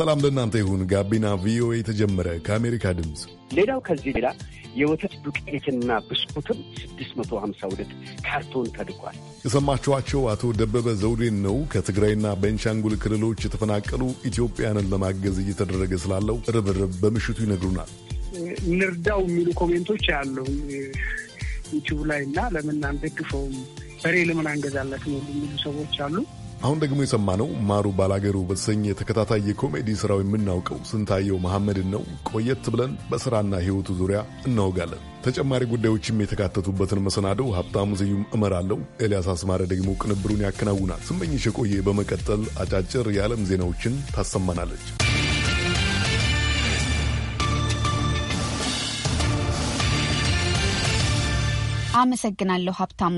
ሰላም ለእናንተ ይሁን። ጋቢና ቪኦኤ የተጀመረ ከአሜሪካ ድምፅ። ሌላው ከዚህ ሌላ የወተት ዱቄትና ብስኩትም 652 ካርቶን ተልኳል። የሰማችኋቸው አቶ ደበበ ዘውዴን ነው። ከትግራይና ቤንሻንጉል ክልሎች የተፈናቀሉ ኢትዮጵያንን ለማገዝ እየተደረገ ስላለው ርብርብ በምሽቱ ይነግሩናል። እንርዳው የሚሉ ኮሜንቶች አሉ ዩቲዩብ ላይ እና ለምን አንደግፈውም በሬ ለምን አንገዛለት የሚሉ ሰዎች አሉ። አሁን ደግሞ የሰማነው ማሩ ባላገሩ በተሰኘ ተከታታይ የኮሜዲ ስራው የምናውቀው ስንታየው መሐመድን ነው። ቆየት ብለን በስራና ሕይወቱ ዙሪያ እናወጋለን። ተጨማሪ ጉዳዮችም የተካተቱበትን መሰናደው ሀብታሙ ስዩም እመራለሁ። ኤልያስ አስማረ ደግሞ ቅንብሩን ያከናውናል። ስመኝሽ የቆየ በመቀጠል አጫጭር የዓለም ዜናዎችን ታሰማናለች። አመሰግናለሁ ሀብታሙ።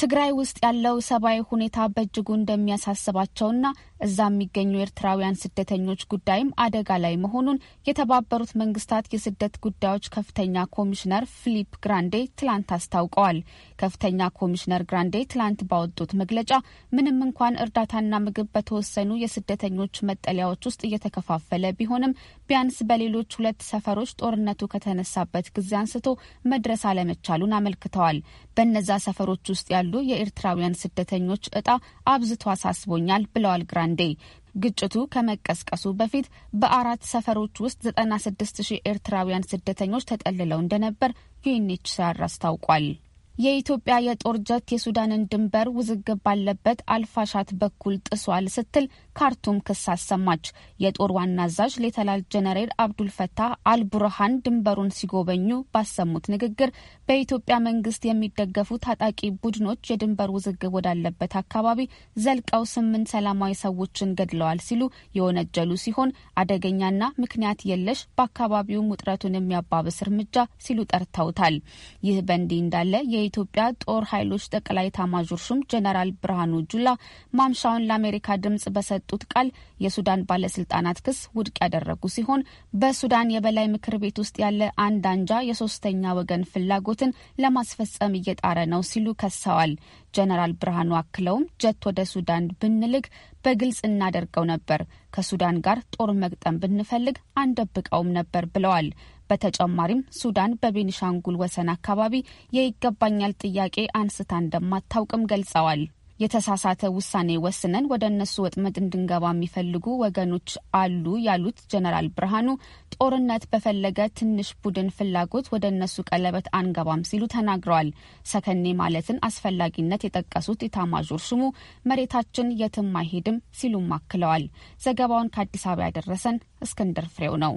ትግራይ ውስጥ ያለው ሰብአዊ ሁኔታ በእጅጉ እንደሚያሳስባቸውና እዛ የሚገኙ ኤርትራውያን ስደተኞች ጉዳይም አደጋ ላይ መሆኑን የተባበሩት መንግስታት የስደት ጉዳዮች ከፍተኛ ኮሚሽነር ፊሊፕ ግራንዴ ትላንት አስታውቀዋል። ከፍተኛ ኮሚሽነር ግራንዴ ትላንት ባወጡት መግለጫ ምንም እንኳን እርዳታና ምግብ በተወሰኑ የስደተኞች መጠለያዎች ውስጥ እየተከፋፈለ ቢሆንም ቢያንስ በሌሎች ሁለት ሰፈሮች ጦርነቱ ከተነሳበት ጊዜ አንስቶ መድረስ አለመቻሉን አመልክተዋል። በነዛ ሰፈሮች ውስጥ ያሉ ያሉ የኤርትራውያን ስደተኞች እጣ አብዝቶ አሳስቦኛል ብለዋል ግራንዴ። ግጭቱ ከመቀስቀሱ በፊት በአራት ሰፈሮች ውስጥ 96 ሺህ ኤርትራውያን ስደተኞች ተጠልለው እንደነበር ዩኤንኤችሲአር አስታውቋል። የኢትዮጵያ የጦር ጀት የሱዳንን ድንበር ውዝግብ ባለበት አልፋሻት በኩል ጥሷል ስትል ካርቱም ክስ አሰማች። የጦር ዋና አዛዥ ሌተናል ጀነሬል አብዱልፈታህ አልቡርሃን ድንበሩን ሲጎበኙ ባሰሙት ንግግር በኢትዮጵያ መንግስት የሚደገፉ ታጣቂ ቡድኖች የድንበር ውዝግብ ወዳለበት አካባቢ ዘልቀው ስምንት ሰላማዊ ሰዎችን ገድለዋል ሲሉ የወነጀሉ ሲሆን አደገኛና ምክንያት የለሽ በአካባቢውም ውጥረቱን የሚያባብስ እርምጃ ሲሉ ጠርተውታል። ይህ በእንዲህ እንዳለ የኢትዮጵያ ጦር ኃይሎች ጠቅላይ ታማዦር ሹም ጀነራል ብርሃኑ ጁላ ማምሻውን ለአሜሪካ ድምጽ በሰጡ የሰጡት ቃል የሱዳን ባለስልጣናት ክስ ውድቅ ያደረጉ ሲሆን በሱዳን የበላይ ምክር ቤት ውስጥ ያለ አንድ አንጃ የሶስተኛ ወገን ፍላጎትን ለማስፈጸም እየጣረ ነው ሲሉ ከሰዋል። ጀነራል ብርሃኑ አክለውም ጀት ወደ ሱዳን ብንልክ በግልጽ እናደርገው ነበር፣ ከሱዳን ጋር ጦር መግጠም ብንፈልግ አንደብቀውም ነበር ብለዋል። በተጨማሪም ሱዳን በቤኒሻንጉል ወሰን አካባቢ የይገባኛል ጥያቄ አንስታ እንደማታውቅም ገልጸዋል። የተሳሳተ ውሳኔ ወስነን ወደ እነሱ ወጥመድ እንድንገባ የሚፈልጉ ወገኖች አሉ ያሉት ጀነራል ብርሃኑ ጦርነት በፈለገ ትንሽ ቡድን ፍላጎት ወደ እነሱ ቀለበት አንገባም ሲሉ ተናግረዋል። ሰከኔ ማለትን አስፈላጊነት የጠቀሱት ኢታማዦር ሹሙ መሬታችን የትም አይሄድም ሲሉም አክለዋል። ዘገባውን ከአዲስ አበባ ያደረሰን እስክንድር ፍሬው ነው።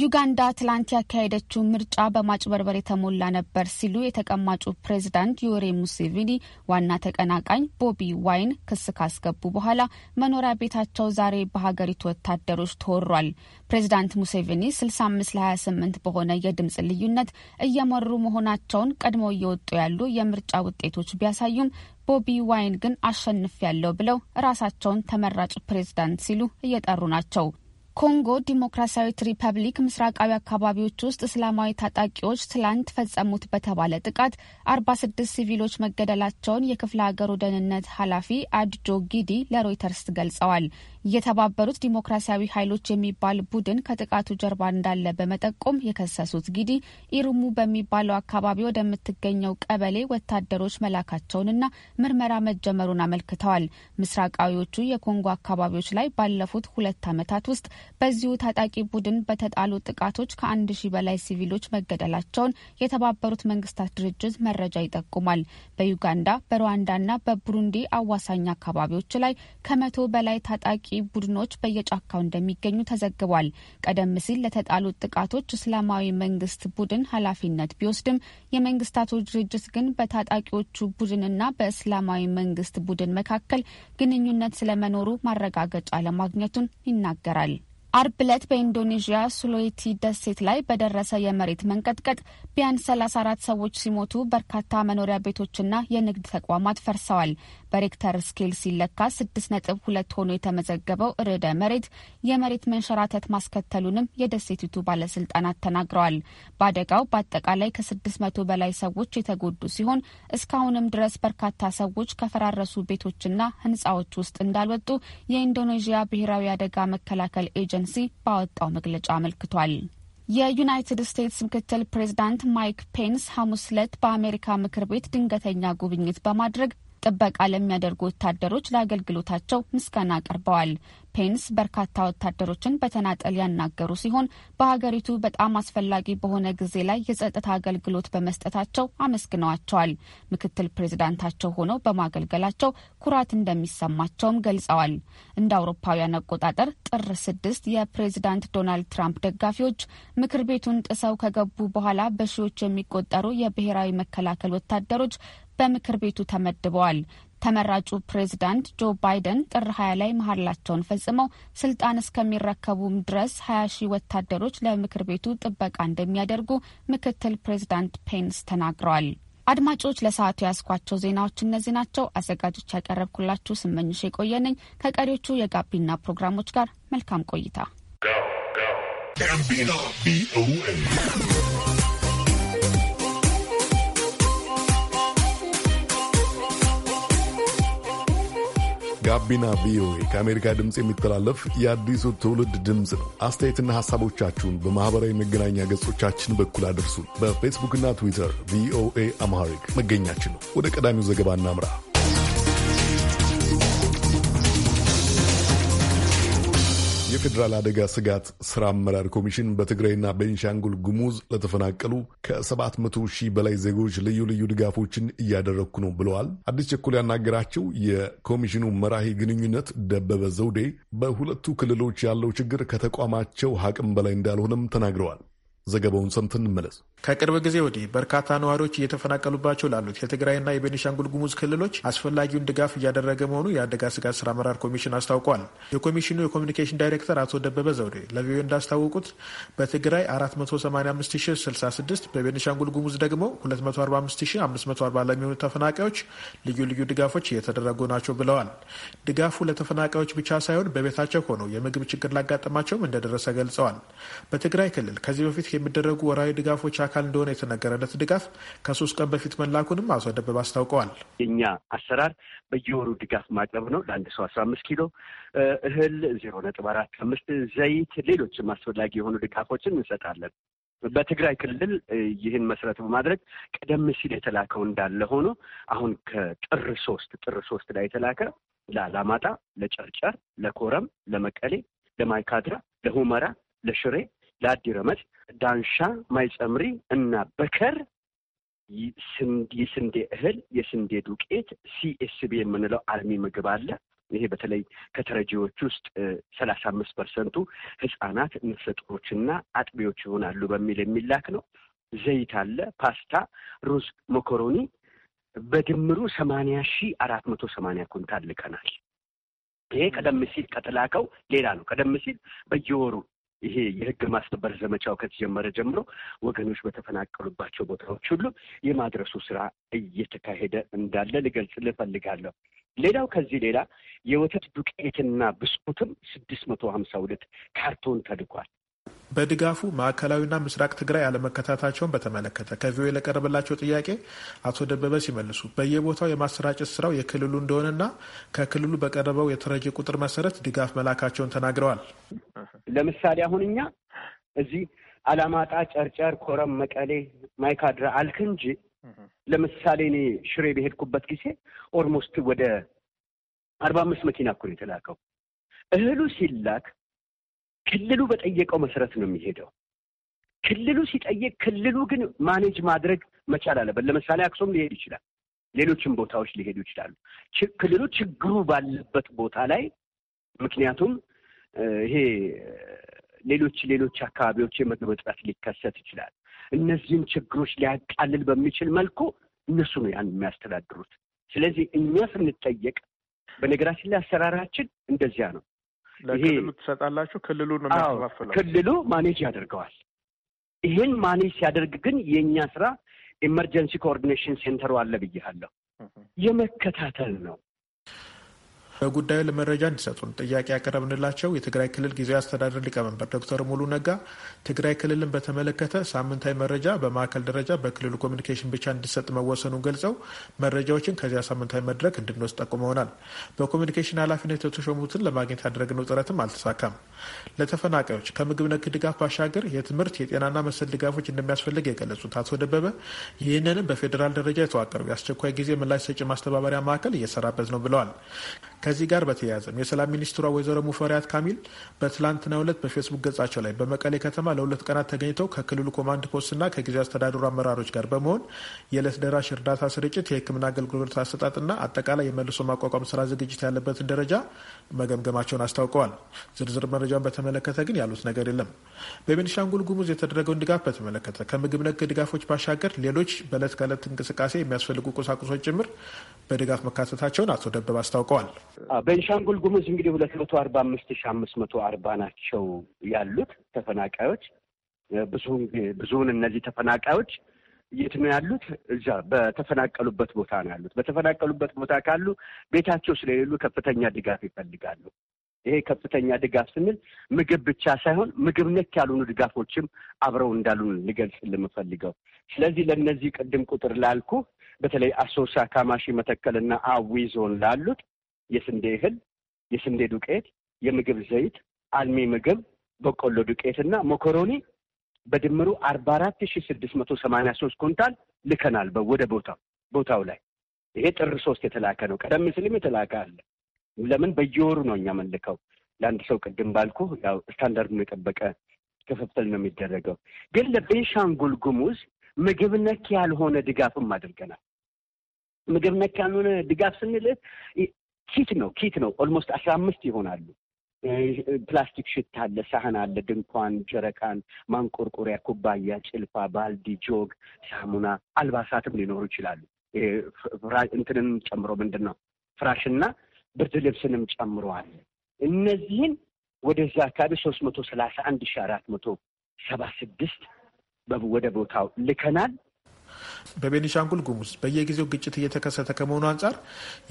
ዩጋንዳ ትላንት ያካሄደችው ምርጫ በማጭበርበር የተሞላ ነበር ሲሉ የተቀማጩ ፕሬዚዳንት ዩዌሪ ሙሴቪኒ ዋና ተቀናቃኝ ቦቢ ዋይን ክስ ካስገቡ በኋላ መኖሪያ ቤታቸው ዛሬ በሀገሪቱ ወታደሮች ተወሯል። ፕሬዚዳንት ሙሴቪኒ 65 ለ28 በሆነ የድምፅ ልዩነት እየመሩ መሆናቸውን ቀድመው እየወጡ ያሉ የምርጫ ውጤቶች ቢያሳዩም ቦቢ ዋይን ግን አሸንፍ ያለው ብለው ራሳቸውን ተመራጭ ፕሬዚዳንት ሲሉ እየጠሩ ናቸው። ኮንጎ ዲሞክራሲያዊት ሪፐብሊክ ምስራቃዊ አካባቢዎች ውስጥ እስላማዊ ታጣቂዎች ትላንት ፈጸሙት በተባለ ጥቃት አርባ ስድስት ሲቪሎች መገደላቸውን የክፍለ ሀገሩ ደህንነት ኃላፊ አድጆ ጊዲ ለሮይተርስ ገልጸዋል። የተባበሩት ዲሞክራሲያዊ ኃይሎች የሚባል ቡድን ከጥቃቱ ጀርባ እንዳለ በመጠቆም የከሰሱት ጊዲ ኢሩሙ በሚባለው አካባቢ ወደምትገኘው ቀበሌ ወታደሮች መላካቸውንና ምርመራ መጀመሩን አመልክተዋል። ምስራቃዊዎቹ የኮንጎ አካባቢዎች ላይ ባለፉት ሁለት ዓመታት ውስጥ በዚሁ ታጣቂ ቡድን በተጣሉ ጥቃቶች ከአንድ ሺህ በላይ ሲቪሎች መገደላቸውን የተባበሩት መንግስታት ድርጅት መረጃ ይጠቁማል። በዩጋንዳ በሩዋንዳና በቡሩንዲ አዋሳኝ አካባቢዎች ላይ ከመቶ በላይ ታጣቂ ቡድኖች በየጫካው እንደሚገኙ ተዘግቧል። ቀደም ሲል ለተጣሉት ጥቃቶች እስላማዊ መንግስት ቡድን ኃላፊነት ቢወስድም የመንግስታቱ ድርጅት ግን በታጣቂዎቹ ቡድንና በእስላማዊ መንግስት ቡድን መካከል ግንኙነት ስለመኖሩ ማረጋገጫ ለማግኘቱን ይናገራል። አርብ ዕለት በኢንዶኔዥያ ሱሎይቲ ደሴት ላይ በደረሰ የመሬት መንቀጥቀጥ ቢያንስ 34 ሰዎች ሲሞቱ በርካታ መኖሪያ ቤቶችና የንግድ ተቋማት ፈርሰዋል። በሬክተር ስኬል ሲለካ ስድስት ነጥብ ሁለት ሆኖ የተመዘገበው ርዕደ መሬት የመሬት መንሸራተት ማስከተሉንም የደሴቲቱ ባለስልጣናት ተናግረዋል። በአደጋው በአጠቃላይ ከስድስት መቶ በላይ ሰዎች የተጎዱ ሲሆን እስካሁንም ድረስ በርካታ ሰዎች ከፈራረሱ ቤቶችና ህንጻዎች ውስጥ እንዳልወጡ የኢንዶኔዥያ ብሔራዊ አደጋ መከላከል ኤጀንሲ ባወጣው መግለጫ አመልክቷል። የዩናይትድ ስቴትስ ምክትል ፕሬዚዳንት ማይክ ፔንስ ሐሙስ ዕለት በአሜሪካ ምክር ቤት ድንገተኛ ጉብኝት በማድረግ ጥበቃ ለሚያደርጉ ወታደሮች ለአገልግሎታቸው ምስጋና አቅርበዋል። ፔንስ በርካታ ወታደሮችን በተናጠል ያናገሩ ሲሆን በሀገሪቱ በጣም አስፈላጊ በሆነ ጊዜ ላይ የጸጥታ አገልግሎት በመስጠታቸው አመስግነዋቸዋል። ምክትል ፕሬዚዳንታቸው ሆነው በማገልገላቸው ኩራት እንደሚሰማቸውም ገልጸዋል። እንደ አውሮፓውያን አቆጣጠር ጥር ስድስት የፕሬዚዳንት ዶናልድ ትራምፕ ደጋፊዎች ምክር ቤቱን ጥሰው ከገቡ በኋላ በሺዎች የሚቆጠሩ የብሔራዊ መከላከል ወታደሮች በምክር ቤቱ ተመድበዋል። ተመራጩ ፕሬዝዳንት ጆ ባይደን ጥር ሀያ ላይ መሀላቸውን ፈጽመው ስልጣን እስከሚረከቡም ድረስ ሀያ ሺህ ወታደሮች ለምክር ቤቱ ጥበቃ እንደሚያደርጉ ምክትል ፕሬዝዳንት ፔንስ ተናግረዋል። አድማጮች ለሰዓቱ ያስኳቸው ዜናዎች እነዚህ ናቸው። አዘጋጆች ያቀረብኩላችሁ ስመኝሽ የቆየነኝ ከቀሪዎቹ የጋቢና ፕሮግራሞች ጋር መልካም ቆይታ። ጋቢና ቪኦኤ ከአሜሪካ ድምፅ የሚተላለፍ የአዲሱ ትውልድ ድምፅ ነው። አስተያየትና ሐሳቦቻችሁን በማኅበራዊ መገናኛ ገጾቻችን በኩል አድርሱ። በፌስቡክና ትዊተር ቪኦኤ አምሃሪክ መገኛችን ነው። ወደ ቀዳሚው ዘገባ እናምራ። የፌዴራል አደጋ ስጋት ስራ አመራር ኮሚሽን በትግራይና በቤንሻንጉል ጉሙዝ ለተፈናቀሉ ከ700 ሺህ በላይ ዜጎች ልዩ ልዩ ድጋፎችን እያደረግኩ ነው ብለዋል። አዲስ ቸኮል ያናገራቸው የኮሚሽኑ መራሂ ግንኙነት ደበበ ዘውዴ በሁለቱ ክልሎች ያለው ችግር ከተቋማቸው አቅም በላይ እንዳልሆነም ተናግረዋል። ዘገባውን ሰምተን እንመለስ። ከቅርብ ጊዜ ወዲህ በርካታ ነዋሪዎች እየተፈናቀሉባቸው ላሉት የትግራይና የቤኒሻንጉል ጉሙዝ ክልሎች አስፈላጊውን ድጋፍ እያደረገ መሆኑ የአደጋ ስጋት ስራ አመራር ኮሚሽን አስታውቋል። የኮሚሽኑ የኮሚኒኬሽን ዳይሬክተር አቶ ደበበ ዘውዴ ለቪኦኤ እንዳስታወቁት በትግራይ 485066 በቤኒሻንጉል ጉሙዝ ደግሞ 245540 ለሚሆኑ ተፈናቃዮች ልዩ ልዩ ድጋፎች እየተደረጉ ናቸው ብለዋል። ድጋፉ ለተፈናቃዮች ብቻ ሳይሆን በቤታቸው ሆነው የምግብ ችግር ላጋጠማቸውም እንደደረሰ ገልጸዋል። በትግራይ ክልል ከዚህ በፊት የሚደረጉ ወራዊ ድጋፎች አካል እንደሆነ የተነገረለት ድጋፍ ከሶስት ቀን በፊት መላኩንም አቶ ደበብ አስታውቀዋል። የእኛ አሰራር በየወሩ ድጋፍ ማቅረብ ነው። ለአንድ ሰው አስራ አምስት ኪሎ እህል ዜሮ ነጥብ አራት አምስት ዘይት፣ ሌሎችም አስፈላጊ የሆኑ ድጋፎችን እንሰጣለን። በትግራይ ክልል ይህን መሰረት በማድረግ ቀደም ሲል የተላከው እንዳለ ሆኖ አሁን ከጥር ሶስት ጥር ሶስት ላይ የተላከ ለአላማጣ፣ ለጨርጨር፣ ለኮረም፣ ለመቀሌ፣ ለማይካድራ፣ ለሁመራ፣ ለሽሬ ለአዲ ረመት ዳንሻ ማይጸምሪ እና በከር የስንዴ እህል የስንዴ ዱቄት ሲኤስቢ የምንለው አልሚ ምግብ አለ። ይሄ በተለይ ከተረጂዎች ውስጥ ሰላሳ አምስት ፐርሰንቱ ህጻናት፣ ነፍሰ ጡሮችና አጥቢዎች ይሆናሉ በሚል የሚላክ ነው። ዘይት አለ፣ ፓስታ፣ ሩዝ፣ መኮሮኒ በድምሩ ሰማንያ ሺህ አራት መቶ ሰማንያ ኩንታል ልከናል። ይሄ ቀደም ሲል ከተላከው ሌላ ነው። ቀደም ሲል በየወሩ ይሄ የህግ ማስከበር ዘመቻው ከተጀመረ ጀምሮ ወገኖች በተፈናቀሉባቸው ቦታዎች ሁሉ የማድረሱ ስራ እየተካሄደ እንዳለ ልገልጽ ልፈልጋለሁ። ሌላው ከዚህ ሌላ የወተት ዱቄትና ብስኩትም ስድስት መቶ ሀምሳ ሁለት ካርቶን ተልኳል። በድጋፉ ማዕከላዊና ምስራቅ ትግራይ አለመከታታቸውን በተመለከተ ከቪኦኤ ለቀረበላቸው ጥያቄ አቶ ደበበ ሲመልሱ በየቦታው የማሰራጨት ስራው የክልሉ እንደሆነና ከክልሉ በቀረበው የተረጂ ቁጥር መሰረት ድጋፍ መላካቸውን ተናግረዋል። ለምሳሌ አሁን እኛ እዚህ አላማጣ፣ ጨርጨር፣ ኮረም፣ መቀሌ፣ ማይካድራ አልክ እንጂ ለምሳሌ እኔ ሽሬ በሄድኩበት ጊዜ ኦልሞስት ወደ አርባ አምስት መኪና እኮ ነው የተላከው እህሉ ሲላክ ክልሉ በጠየቀው መሰረት ነው የሚሄደው። ክልሉ ሲጠይቅ፣ ክልሉ ግን ማኔጅ ማድረግ መቻል አለበት። ለምሳሌ አክሱም ሊሄድ ይችላል፣ ሌሎችም ቦታዎች ሊሄዱ ይችላሉ። ክልሉ ችግሩ ባለበት ቦታ ላይ ምክንያቱም ይሄ ሌሎች ሌሎች አካባቢዎች የምግብ እጥረት ሊከሰት ይችላል። እነዚህን ችግሮች ሊያቃልል በሚችል መልኩ እነሱ ነው ያን የሚያስተዳድሩት። ስለዚህ እኛ ስንጠየቅ፣ በነገራችን ላይ አሰራራችን እንደዚያ ነው። ለክልሉ ትሰጣላችሁ? ክልሉ ነው የሚያከፋፍለው። ክልሉ ማኔጅ ያደርገዋል። ይህን ማኔጅ ሲያደርግ ግን የእኛ ስራ ኢመርጀንሲ ኮኦርዲኔሽን ሴንተሩ አለ ብያለሁ፣ የመከታተል ነው። በጉዳዩ ለመረጃ እንዲሰጡን ጥያቄ ያቀረብንላቸው የትግራይ ክልል ጊዜያዊ አስተዳደር ሊቀመንበር ዶክተር ሙሉ ነጋ ትግራይ ክልልን በተመለከተ ሳምንታዊ መረጃ በማዕከል ደረጃ በክልሉ ኮሚኒኬሽን ብቻ እንዲሰጥ መወሰኑን ገልጸው መረጃዎችን ከዚያ ሳምንታዊ መድረክ እንድንወስድ ጠቁመውናል። በኮሚኒኬሽን ኃላፊነት የተሾሙትን ለማግኘት ያደረግነው ጥረትም አልተሳካም። ለተፈናቃዮች ከምግብ ነክ ድጋፍ ባሻገር የትምህርት የጤናና መሰል ድጋፎች እንደሚያስፈልግ የገለጹት አቶ ደበበ ይህንንም በፌዴራል ደረጃ የተዋቀረው የአስቸኳይ ጊዜ ምላሽ ሰጪ ማስተባበሪያ ማዕከል እየሰራበት ነው ብለዋል። ከዚህ ጋር በተያያዘም የሰላም ሚኒስትሯ ወይዘሮ ሙፈሪያት ካሚል በትላንትናው ዕለት በፌስቡክ ገጻቸው ላይ በመቀሌ ከተማ ለሁለት ቀናት ተገኝተው ከክልሉ ኮማንድ ፖስትና ከጊዜ አስተዳደሩ አመራሮች ጋር በመሆን የዕለት ደራሽ እርዳታ ስርጭት፣ የሕክምና አገልግሎት አሰጣጥና አጠቃላይ የመልሶ ማቋቋም ስራ ዝግጅት ያለበትን ደረጃ መገምገማቸውን አስታውቀዋል። ዝርዝር መረጃውን በተመለከተ ግን ያሉት ነገር የለም። በቤኒሻንጉል ጉሙዝ የተደረገውን ድጋፍ በተመለከተ ከምግብ ነክ ድጋፎች ባሻገር ሌሎች በዕለት ከዕለት እንቅስቃሴ የሚያስፈልጉ ቁሳቁሶች ጭምር በድጋፍ መካተታቸውን አቶ ደበብ አስታውቀዋል። በንሻንጉል ጉሙዝ እንግዲህ ሁለት መቶ አርባ አምስት ሺ አምስት መቶ አርባ ናቸው ያሉት ተፈናቃዮች። ብዙውን ብዙውን እነዚህ ተፈናቃዮች የት ነው ያሉት? እዛ በተፈናቀሉበት ቦታ ነው ያሉት። በተፈናቀሉበት ቦታ ካሉ ቤታቸው ስለሌሉ ከፍተኛ ድጋፍ ይፈልጋሉ። ይሄ ከፍተኛ ድጋፍ ስንል ምግብ ብቻ ሳይሆን ምግብ ነክ ያልሆኑ ድጋፎችም አብረው እንዳሉን ልገልጽ ልምፈልገው። ስለዚህ ለእነዚህ ቅድም ቁጥር ላልኩ በተለይ አሶሳ፣ ካማሺ፣ መተከልና አዊ ዞን ላሉት የስንዴ እህል፣ የስንዴ ዱቄት፣ የምግብ ዘይት፣ አልሚ ምግብ፣ በቆሎ ዱቄት እና ሞኮሮኒ በድምሩ አርባ አራት ሺ ስድስት መቶ ሰማኒያ ሶስት ኩንታል ልከናል ወደ ቦታው ቦታው ላይ ይሄ ጥር ሶስት የተላከ ነው። ቀደም ሲልም የተላከ አለ። ለምን በየወሩ ነው እኛ ምንልከው ለአንድ ሰው ቅድም ባልኩ ያው ስታንዳርዱን የጠበቀ ክፍፍል ነው የሚደረገው። ግን ለቤንሻንጉል ጉሙዝ ምግብ ነክ ያልሆነ ድጋፍም አድርገናል። ምግብ ነክ ያልሆነ ድጋፍ ስንል ኪት ነው ኪት ነው። ኦልሞስት አስራ አምስት ይሆናሉ። ፕላስቲክ ሽታ አለ፣ ሳህን አለ፣ ድንኳን፣ ጀረቃን፣ ማንቆርቆሪያ፣ ኩባያ፣ ጭልፋ፣ ባልዲ፣ ጆግ፣ ሳሙና፣ አልባሳትም ሊኖሩ ይችላሉ። እንትንም ጨምሮ ምንድን ነው ፍራሽና ብርድ ልብስንም ጨምሮ አለ። እነዚህን ወደዚህ አካባቢ ሶስት መቶ ሰላሳ አንድ ሺ አራት መቶ ሰባ ስድስት ወደ ቦታው ልከናል። በቤኒሻንጉል ጉሙዝ በየጊዜው ግጭት እየተከሰተ ከመሆኑ አንጻር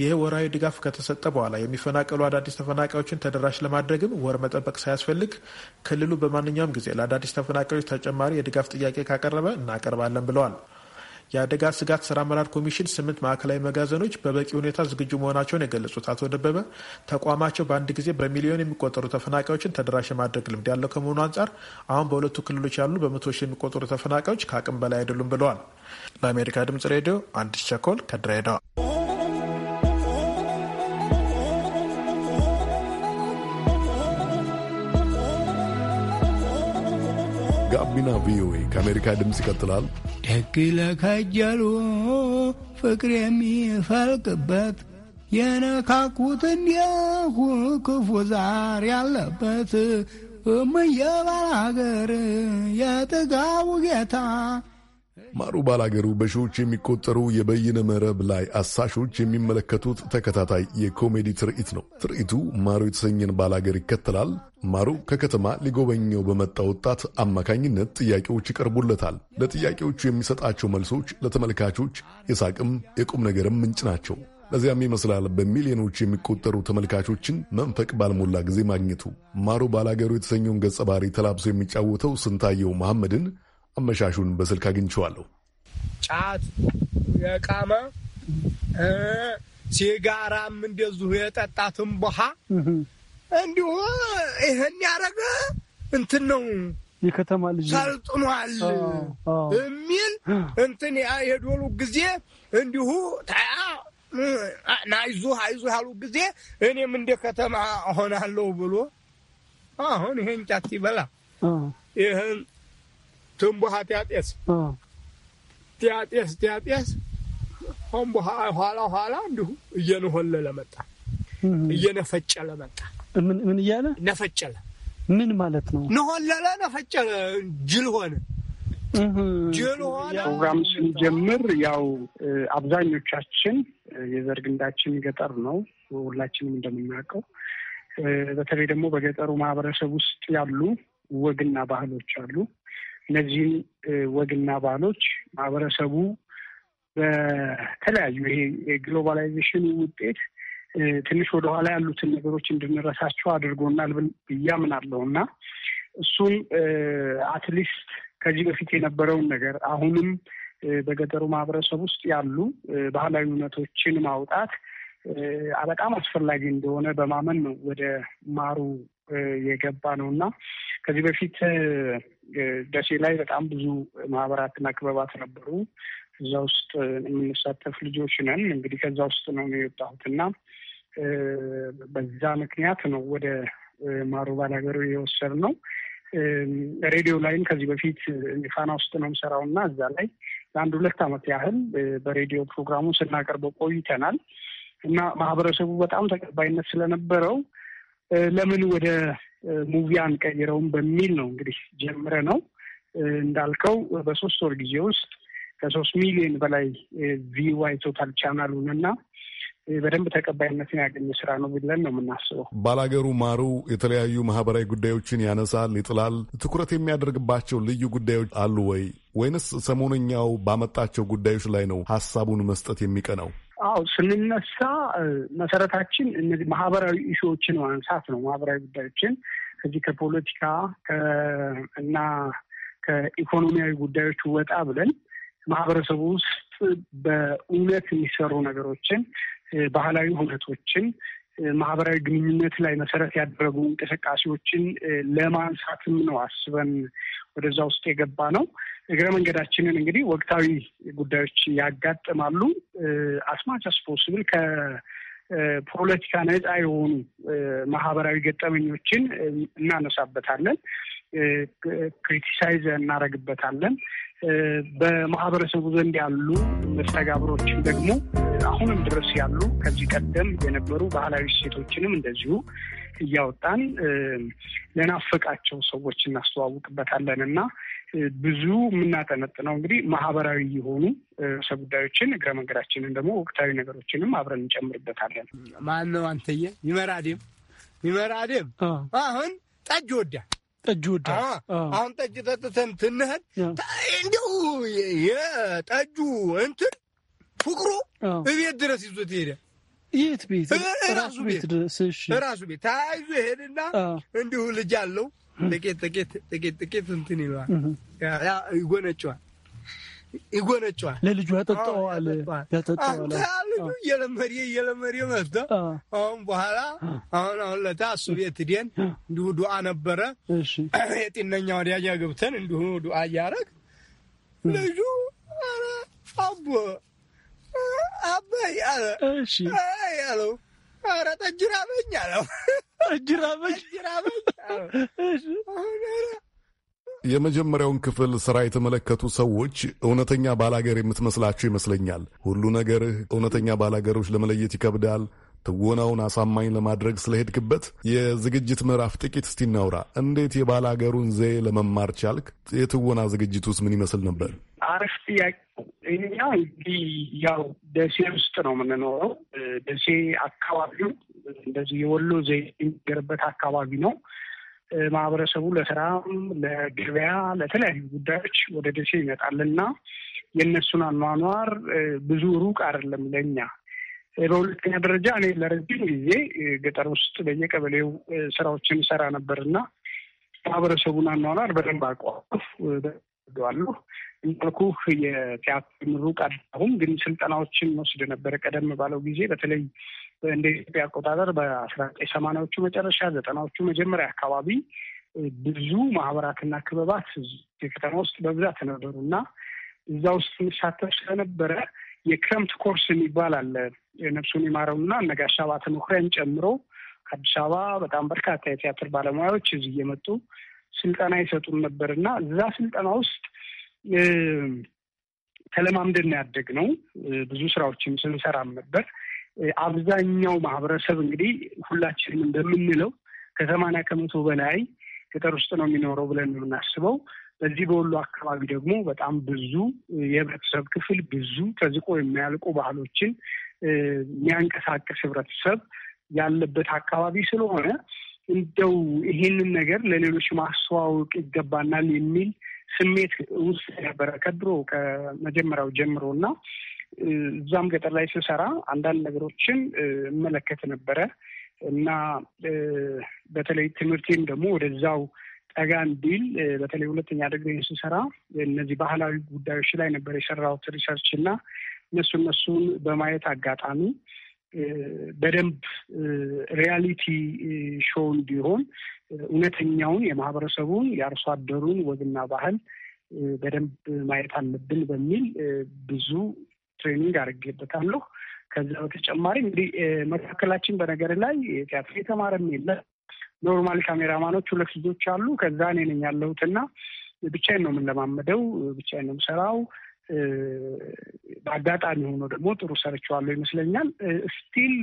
ይህ ወርሃዊ ድጋፍ ከተሰጠ በኋላ የሚፈናቀሉ አዳዲስ ተፈናቃዮችን ተደራሽ ለማድረግም ወር መጠበቅ ሳያስፈልግ ክልሉ በማንኛውም ጊዜ ለአዳዲስ ተፈናቃዮች ተጨማሪ የድጋፍ ጥያቄ ካቀረበ እናቀርባለን ብለዋል። የአደጋ ስጋት ስራ አመራር ኮሚሽን ስምንት ማዕከላዊ መጋዘኖች በበቂ ሁኔታ ዝግጁ መሆናቸውን የገለጹት አቶ ደበበ ተቋማቸው በአንድ ጊዜ በሚሊዮን የሚቆጠሩ ተፈናቃዮችን ተደራሽ የማድረግ ልምድ ያለው ከመሆኑ አንጻር አሁን በሁለቱ ክልሎች ያሉ በመቶ ሺህ የሚቆጠሩ ተፈናቃዮች ከአቅም በላይ አይደሉም ብለዋል። ለአሜሪካ ድምጽ ሬዲዮ አዲስ ቸኮል ከድሬዳዋ ጋቢና ቪኦኤ ከአሜሪካ ድምፅ ይቀጥላል። ደግ ከጀሉ ፍቅር የሚፈልቅበት የነካኩት እንዲያሁ ክፉ ዛር ያለበት እምየባል ባላገር የጥጋቡ ጌታ ማሩ ባላገሩ በሺዎች የሚቆጠሩ የበይነ መረብ ላይ አሳሾች የሚመለከቱት ተከታታይ የኮሜዲ ትርኢት ነው። ትርኢቱ ማሩ የተሰኘን ባላገር ይከተላል። ማሩ ከከተማ ሊጎበኘው በመጣ ወጣት አማካኝነት ጥያቄዎች ይቀርቡለታል። ለጥያቄዎቹ የሚሰጣቸው መልሶች ለተመልካቾች የሳቅም የቁም ነገርም ምንጭ ናቸው። ለዚያም ይመስላል በሚሊዮኖች የሚቆጠሩ ተመልካቾችን መንፈቅ ባልሞላ ጊዜ ማግኘቱ። ማሩ ባላገሩ የተሰኘውን ገጸ ባህሪ ተላብሶ የሚጫወተው ስንታየው መሐመድን አመሻሹን በስልክ አግኝቸዋለሁ። ጫት፣ የቃመ ሲጋራም እንደዚሁ የጠጣትም ቦሃ እንዲሁ ይህን ያደረገ እንትን ነው የከተማ ልጅ ሰልጥኗል የሚል እንትን የዶሉ ጊዜ እንዲሁ ታያ ናይዙ አይዙ ያሉ ጊዜ እኔም እንደ ከተማ ሆናለሁ ብሎ አሁን ይሄን ጫት ይበላ ይህን ትንቡሃ ጢያጤስ ጢያጤስ ጢያጤስ ሆን ኋላ ኋላ እንዲሁ እየነሆለለ መጣ፣ እየነፈጨለ መጣ። ምን እያለ ነፈጨለ? ምን ማለት ነው? ነሆለለ፣ ነፈጨለ፣ ጅል ሆነ። ፕሮግራም ስንጀምር ያው አብዛኞቻችን የዘር ግንዳችን ገጠር ነው፣ ሁላችንም እንደምናውቀው። በተለይ ደግሞ በገጠሩ ማህበረሰብ ውስጥ ያሉ ወግና ባህሎች አሉ። እነዚህን ወግና ባህሎች ማህበረሰቡ በተለያዩ ይሄ የግሎባላይዜሽን ውጤት ትንሽ ወደኋላ ያሉትን ነገሮች እንድንረሳቸው አድርጎናል ብዬ አምናለሁ እና እሱን አትሊስት ከዚህ በፊት የነበረውን ነገር አሁንም በገጠሩ ማህበረሰብ ውስጥ ያሉ ባህላዊ እውነቶችን ማውጣት በጣም አስፈላጊ እንደሆነ በማመን ነው ወደ ማሩ የገባ ነው እና ከዚህ በፊት ደሴ ላይ በጣም ብዙ ማህበራትና ክበባት ነበሩ። እዛ ውስጥ የምንሳተፍ ልጆች ነን። እንግዲህ ከዛ ውስጥ ነው የወጣሁት እና በዛ ምክንያት ነው ወደ ማሮ ባላገሩ ነው። ሬዲዮ ላይም ከዚህ በፊት ፋና ውስጥ ነው የምሰራው እና እዛ ላይ ለአንድ ሁለት ዓመት ያህል በሬዲዮ ፕሮግራሙ ስናቀርበው ቆይተናል እና ማህበረሰቡ በጣም ተቀባይነት ስለነበረው ለምን ወደ ሙቪ አንቀይረውም በሚል ነው እንግዲህ ጀምረ ነው እንዳልከው በሶስት ወር ጊዜ ውስጥ ከሶስት ሚሊዮን በላይ ቪዋይ ቶታል ቻናሉን እና በደንብ ተቀባይነትን ያገኘ ስራ ነው ብለን ነው የምናስበው። ባላገሩ ማሩ የተለያዩ ማህበራዊ ጉዳዮችን ያነሳል፣ ይጥላል። ትኩረት የሚያደርግባቸው ልዩ ጉዳዮች አሉ ወይ ወይንስ ሰሞነኛው ባመጣቸው ጉዳዮች ላይ ነው ሀሳቡን መስጠት የሚቀነው? አዎ ስንነሳ መሰረታችን እነዚህ ማህበራዊ ኢሹዎችን ማንሳት ነው። ማህበራዊ ጉዳዮችን ከዚህ ከፖለቲካ እና ከኢኮኖሚያዊ ጉዳዮች ወጣ ብለን ማህበረሰቡ ውስጥ በእውነት የሚሰሩ ነገሮችን፣ ባህላዊ እውነቶችን፣ ማህበራዊ ግንኙነት ላይ መሰረት ያደረጉ እንቅስቃሴዎችን ለማንሳትም ነው አስበን ወደዛ ውስጥ የገባ ነው። እግረ መንገዳችንን እንግዲህ ወቅታዊ ጉዳዮች ያጋጥማሉ። አስማች ፖስብል ከፖለቲካ ነፃ የሆኑ ማህበራዊ ገጠመኞችን እናነሳበታለን፣ ክሪቲሳይዝ እናደርግበታለን። በማህበረሰቡ ዘንድ ያሉ መስተጋብሮችን ደግሞ አሁንም ድረስ ያሉ ከዚህ ቀደም የነበሩ ባህላዊ እሴቶችንም እንደዚሁ እያወጣን ለናፈቃቸው ሰዎች እናስተዋውቅበታለን እና ብዙ የምናጠነጥነው እንግዲህ ማህበራዊ የሆኑ ርዕሰ ጉዳዮችን እግረ መንገዳችንን ደግሞ ወቅታዊ ነገሮችንም አብረን እንጨምርበታለን። ማን ነው ይመራዴም ይመራዴም አሁን ጠጅ ወዳል ጠጅ ወዳ አሁን ጠጅ ጠጥተን ትንህል እንዲሁ የጠጁ እንትን ፍቅሩ እቤት ድረስ ይዞት ይሄዳል። የት ቤት? ራሱ ቤት ራሱ ቤት ተያይዞ ይሄድና እንዲሁ ልጅ አለው ጥቂት ጥቂት ጥቂት ጥቂት እንትን ይለዋል፣ ይጎነጨዋል ይጎነጨዋል ለልጁ ያጠጣዋል ያጠጣዋል። ልጁ እየለመዴ መጥቶ አሁን በኋላ አሁን አሁን ለታ እሱ ቤት ሄደን እንዲሁ ዱዓ ነበረ የጤነኛ ወዲያጃ ገብተን እንዲሁ ዱዓ እያረግ ልጁ አቦ አባይ አለ። እሺ አለው ኧረ ጠጅ ራበኝ አለው። ጠጅ ራበኝ ራበኝ። የመጀመሪያውን ክፍል ስራ የተመለከቱ ሰዎች እውነተኛ ባላገር የምትመስላችሁ ይመስለኛል። ሁሉ ነገርህ እውነተኛ ባላገሮች ለመለየት ይከብዳል። ትወናውን አሳማኝ ለማድረግ ስለሄድክበት የዝግጅት ምዕራፍ ጥቂት እስቲ እናውራ። እንዴት የባለ ሀገሩን ዘዬ ለመማር ቻልክ? የትወና ዝግጅት ውስጥ ምን ይመስል ነበር? አሪፍ ጥያቄ። እኛ እንግዲህ ያው ደሴ ውስጥ ነው የምንኖረው። ደሴ አካባቢው እንደዚህ የወሎ ዘዬ የሚገርበት አካባቢ ነው። ማህበረሰቡ ለስራም፣ ለገበያ፣ ለተለያዩ ጉዳዮች ወደ ደሴ ይመጣልና የእነሱን አኗኗር ብዙ ሩቅ አይደለም ለእኛ በሁለተኛ ደረጃ እኔ ለረጅም ጊዜ ገጠር ውስጥ በየቀበሌው ስራዎችን ይሰራ ነበር እና ማህበረሰቡን አኗኗር በደንብ አውቀዋለሁ። እንዳልኩ የቲያትር ምሩቅ አይደለሁም፣ ግን ስልጠናዎችን ወስድ ነበረ ቀደም ባለው ጊዜ በተለይ እንደ ኢትዮጵያ አቆጣጠር በአስራ ዘጠኝ ሰማንያዎቹ መጨረሻ ዘጠናዎቹ መጀመሪያ አካባቢ ብዙ ማህበራትና ክበባት የከተማ ውስጥ በብዛት ነበሩ እና እዛ ውስጥ የሚሳተፍ ስለነበረ የክረምት ኮርስ የሚባል አለ ነፍሱን ይማረውና ነጋሽ አባተ መኩሪያን ጨምሮ ከአዲስ አበባ በጣም በርካታ የቲያትር ባለሙያዎች እዚህ እየመጡ ስልጠና ይሰጡን ነበር እና እዛ ስልጠና ውስጥ ተለማምደን ያደግ ነው። ብዙ ስራዎችን ስንሰራም ነበር። አብዛኛው ማህበረሰብ እንግዲህ ሁላችንም እንደምንለው ከሰማንያ ከመቶ በላይ ገጠር ውስጥ ነው የሚኖረው ብለን የምናስበው በዚህ በወሎ አካባቢ ደግሞ በጣም ብዙ የህብረተሰብ ክፍል ብዙ ተዝቆ የሚያልቁ ባህሎችን የሚያንቀሳቅስ ህብረተሰብ ያለበት አካባቢ ስለሆነ እንደው ይሄንን ነገር ለሌሎች ማስተዋወቅ ይገባናል የሚል ስሜት ውስጥ ነበረ ከድሮ ከመጀመሪያው ጀምሮ እና እዛም ገጠር ላይ ስሰራ አንዳንድ ነገሮችን እመለከት ነበረ እና በተለይ ትምህርቴም ደግሞ ወደዛው ጠጋ እንዲል በተለይ ሁለተኛ ዲግሪ ስሰራ እነዚህ ባህላዊ ጉዳዮች ላይ ነበር የሰራሁት ሪሰርች እና እነሱ እነሱን በማየት አጋጣሚ በደንብ ሪያሊቲ ሾው እንዲሆን እውነተኛውን የማህበረሰቡን የአርሶ አደሩን ወግና ባህል በደንብ ማየት አለብን በሚል ብዙ ትሬኒንግ አድርጌበታለሁ። ከዚያ በተጨማሪ እንግዲህ መካከላችን በነገር ላይ ቲያትር የተማረም የለም ኖርማሊ ካሜራማኖች ሁለት ልጆች አሉ። ከዛ እኔ ነኝ ያለሁትና ብቻዬን ነው የምንለማመደው፣ ብቻዬን ነው የምሰራው። በአጋጣሚ ሆኖ ደግሞ ጥሩ ሰርቸዋለሁ ይመስለኛል። ስቲል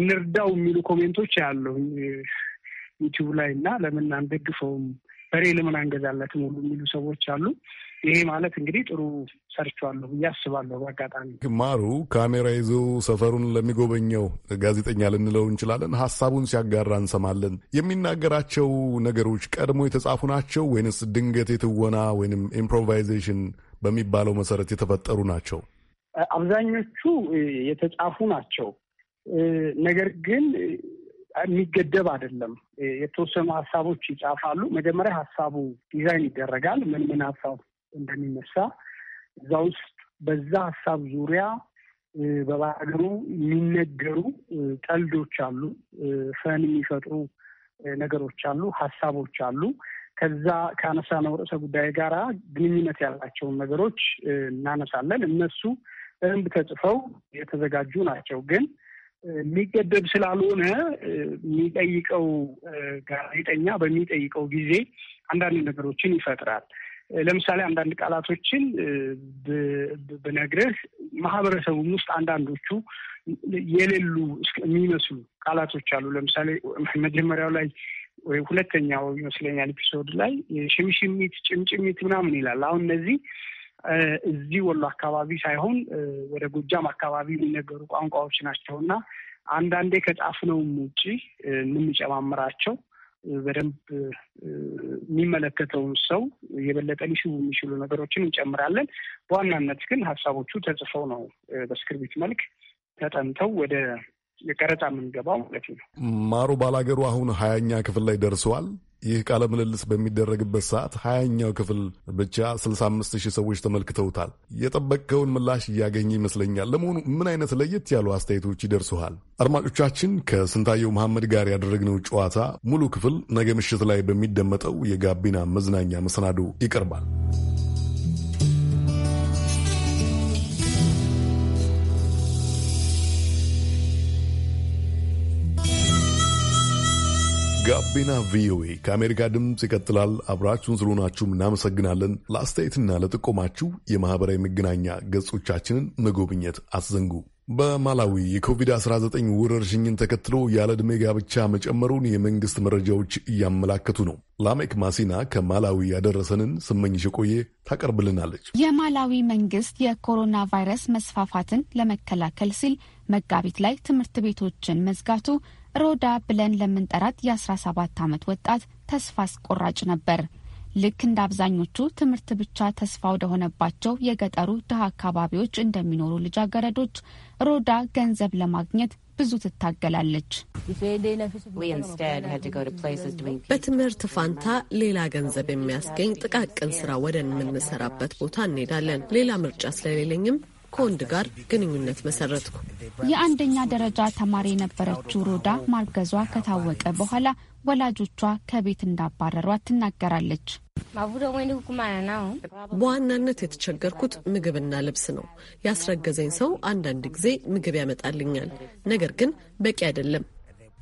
እንርዳው የሚሉ ኮሜንቶች ያለሁ ዩቲዩብ ላይ እና ለምን አንደግፈውም በሬ ለምን አንገዛለትም ሁሉ የሚሉ ሰዎች አሉ። ይሄ ማለት እንግዲህ ጥሩ ሰርቸዋለሁ ብዬ አስባለሁ። በአጋጣሚ ማሩ ካሜራ ይዞ ሰፈሩን ለሚጎበኘው ጋዜጠኛ ልንለው እንችላለን ሀሳቡን ሲያጋራ እንሰማለን። የሚናገራቸው ነገሮች ቀድሞ የተጻፉ ናቸው ወይንስ ድንገት የትወና ወይንም ኢምፕሮቫይዜሽን በሚባለው መሰረት የተፈጠሩ ናቸው? አብዛኞቹ የተጻፉ ናቸው። ነገር ግን የሚገደብ አይደለም። የተወሰኑ ሀሳቦች ይጻፋሉ። መጀመሪያ ሀሳቡ ዲዛይን ይደረጋል። ምን ምን ሀሳብ እንደሚነሳ እዛ ውስጥ በዛ ሀሳብ ዙሪያ በባህገሩ የሚነገሩ ቀልዶች አሉ፣ ፈን የሚፈጥሩ ነገሮች አሉ፣ ሀሳቦች አሉ። ከዛ ካነሳነው ርዕሰ ጉዳይ ጋር ግንኙነት ያላቸውን ነገሮች እናነሳለን። እነሱ በደንብ ተጽፈው የተዘጋጁ ናቸው። ግን የሚገደብ ስላልሆነ የሚጠይቀው ጋዜጠኛ በሚጠይቀው ጊዜ አንዳንድ ነገሮችን ይፈጥራል። ለምሳሌ አንዳንድ ቃላቶችን ብነግርህ ማህበረሰቡም ውስጥ አንዳንዶቹ የሌሉ የሚመስሉ ቃላቶች አሉ። ለምሳሌ መጀመሪያው ላይ ወይ ሁለተኛው ይመስለኛል ኤፒሶድ ላይ ሽምሽሚት፣ ጭምጭሚት ምናምን ይላል። አሁን እነዚህ እዚህ ወሎ አካባቢ ሳይሆን ወደ ጎጃም አካባቢ የሚነገሩ ቋንቋዎች ናቸው እና አንዳንዴ ከጻፍነውም ውጭ የምንጨማምራቸው በደንብ የሚመለከተውን ሰው የበለጠ ሊስቡ የሚችሉ ነገሮችን እንጨምራለን። በዋናነት ግን ሀሳቦቹ ተጽፈው ነው በስክሪፕት መልክ ተጠንተው ወደ ቀረጻ የምንገባው ማለት ነው። ማሩ ባላገሩ አሁን ሀያኛ ክፍል ላይ ደርሰዋል። ይህ ቃለ ምልልስ በሚደረግበት ሰዓት ሀያኛው ክፍል ብቻ ስልሳ አምስት ሺህ ሰዎች ተመልክተውታል። የጠበቅከውን ምላሽ እያገኘ ይመስለኛል። ለመሆኑ ምን አይነት ለየት ያሉ አስተያየቶች ይደርሱሃል? አድማጮቻችን፣ ከስንታየው መሐመድ ጋር ያደረግነው ጨዋታ ሙሉ ክፍል ነገ ምሽት ላይ በሚደመጠው የጋቢና መዝናኛ መሰናዶ ይቀርባል። ጋቢና ቪኦኤ ከአሜሪካ ድምፅ ይቀጥላል። አብራችሁን ስለሆናችሁም እናመሰግናለን። ለአስተያየትና ለጥቆማችሁ የማኅበራዊ መገናኛ ገጾቻችንን መጎብኘት አትዘንጉ። በማላዊ የኮቪድ-19 ወረርሽኝን ተከትሎ ያለ ዕድሜ ጋብቻ መጨመሩን የመንግሥት መረጃዎች እያመላከቱ ነው። ላሜክ ማሲና ከማላዊ ያደረሰንን ስመኝሽ ቆየ ታቀርብልናለች። የማላዊ መንግሥት የኮሮና ቫይረስ መስፋፋትን ለመከላከል ሲል መጋቢት ላይ ትምህርት ቤቶችን መዝጋቱ ሮዳ ብለን ለምንጠራት የ17 ዓመት ወጣት ተስፋ አስቆራጭ ነበር። ልክ እንደ አብዛኞቹ ትምህርት ብቻ ተስፋ ወደሆነባቸው የገጠሩ ድሃ አካባቢዎች እንደሚኖሩ ልጃገረዶች ሮዳ ገንዘብ ለማግኘት ብዙ ትታገላለች። በትምህርት ፋንታ ሌላ ገንዘብ የሚያስገኝ ጥቃቅን ስራ ወደ የምንሰራበት ቦታ እንሄዳለን። ሌላ ምርጫ ስለሌለኝም ከወንድ ጋር ግንኙነት መሰረትኩ። የአንደኛ ደረጃ ተማሪ የነበረችው ሮዳ ማርገዟ ከታወቀ በኋላ ወላጆቿ ከቤት እንዳባረሯ ትናገራለች። በዋናነት የተቸገርኩት ምግብና ልብስ ነው። ያስረገዘኝ ሰው አንዳንድ ጊዜ ምግብ ያመጣልኛል፣ ነገር ግን በቂ አይደለም።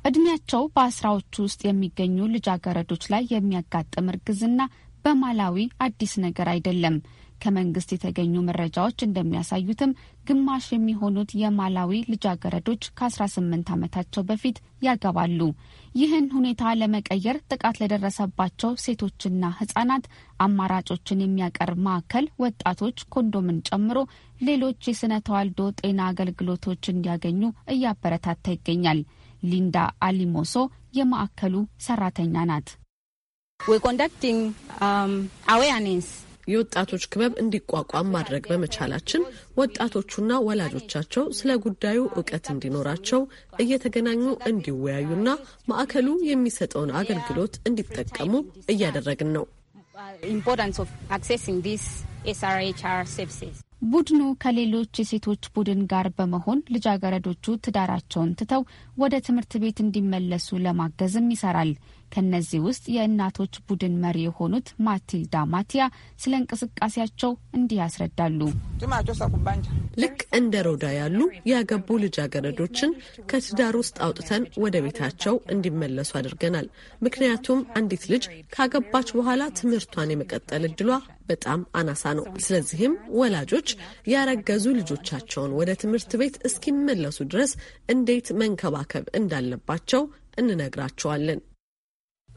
እድሜያቸው በአስራዎቹ ውስጥ የሚገኙ ልጃገረዶች ላይ የሚያጋጥም እርግዝና በማላዊ አዲስ ነገር አይደለም። ከመንግስት የተገኙ መረጃዎች እንደሚያሳዩትም ግማሽ የሚሆኑት የማላዊ ልጃገረዶች ከ18 ዓመታቸው በፊት ያገባሉ። ይህን ሁኔታ ለመቀየር ጥቃት ለደረሰባቸው ሴቶችና ህጻናት አማራጮችን የሚያቀርብ ማዕከል ወጣቶች ኮንዶምን ጨምሮ ሌሎች የስነ ተዋልዶ ጤና አገልግሎቶች እንዲያገኙ እያበረታታ ይገኛል። ሊንዳ አሊሞሶ የማዕከሉ ሰራተኛ ናት። የወጣቶች ክበብ እንዲቋቋም ማድረግ በመቻላችን ወጣቶቹና ወላጆቻቸው ስለ ጉዳዩ እውቀት እንዲኖራቸው እየተገናኙ እንዲወያዩና ማዕከሉ የሚሰጠውን አገልግሎት እንዲጠቀሙ እያደረግን ነው። ቡድኑ ከሌሎች የሴቶች ቡድን ጋር በመሆን ልጃገረዶቹ ትዳራቸውን ትተው ወደ ትምህርት ቤት እንዲመለሱ ለማገዝም ይሰራል። ከነዚህ ውስጥ የእናቶች ቡድን መሪ የሆኑት ማቲልዳ ማቲያ ስለ እንቅስቃሴያቸው እንዲህ ያስረዳሉ። ልክ እንደ ሮዳ ያሉ ያገቡ ልጃገረዶችን ከትዳር ውስጥ አውጥተን ወደ ቤታቸው እንዲመለሱ አድርገናል። ምክንያቱም አንዲት ልጅ ካገባች በኋላ ትምህርቷን የመቀጠል እድሏ በጣም አናሳ ነው። ስለዚህም ወላጆች ያረገዙ ልጆቻቸውን ወደ ትምህርት ቤት እስኪመለሱ ድረስ እንዴት መንከባከብ እንዳለባቸው እንነግራቸዋለን።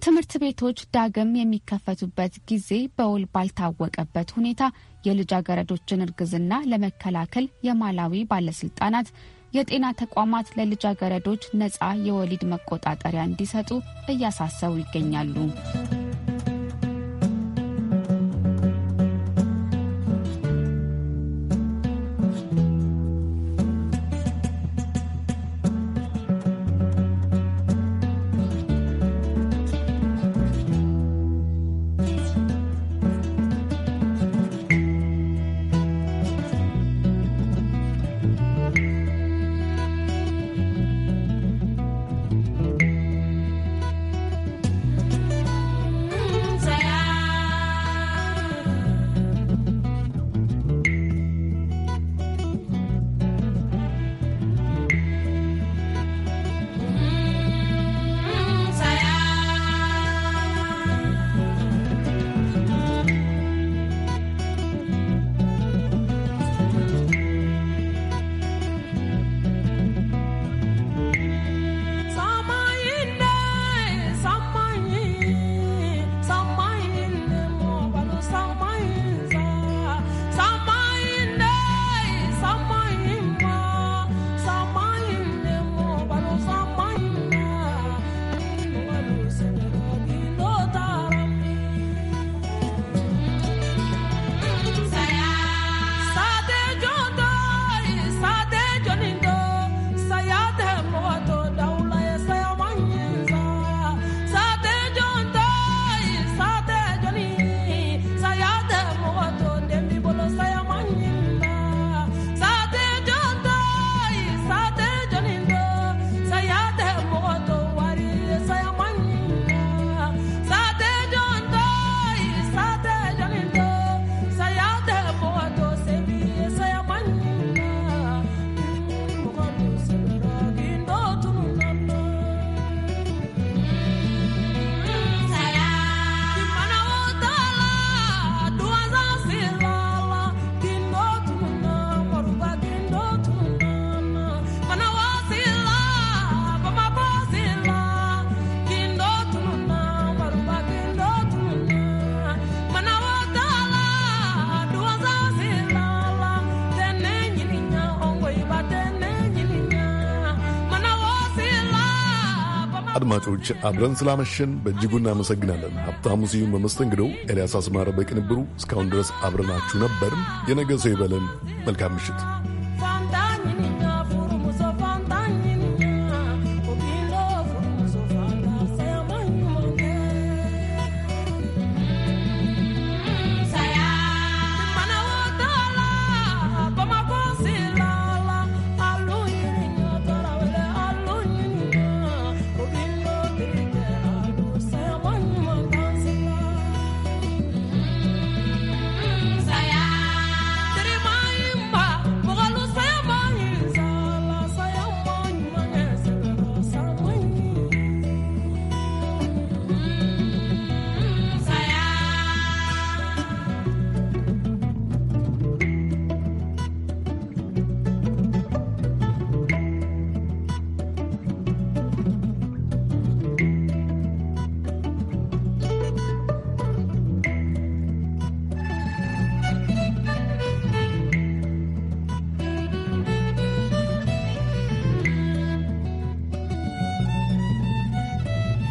ትምህርት ቤቶች ዳግም የሚከፈቱበት ጊዜ በውል ባልታወቀበት ሁኔታ የልጃገረዶችን እርግዝና ለመከላከል የማላዊ ባለስልጣናት የጤና ተቋማት ለልጃገረዶች ነፃ የወሊድ መቆጣጠሪያ እንዲሰጡ እያሳሰቡ ይገኛሉ። አድማጮች አብረን ስላመሸን በእጅጉ እናመሰግናለን። ሀብታሙ ስዩም በመስተንግደው፣ ኤልያስ አስማረ በቅንብሩ እስካሁን ድረስ አብረናችሁ ነበርም። የነገ ሰው ይበለን። መልካም ምሽት።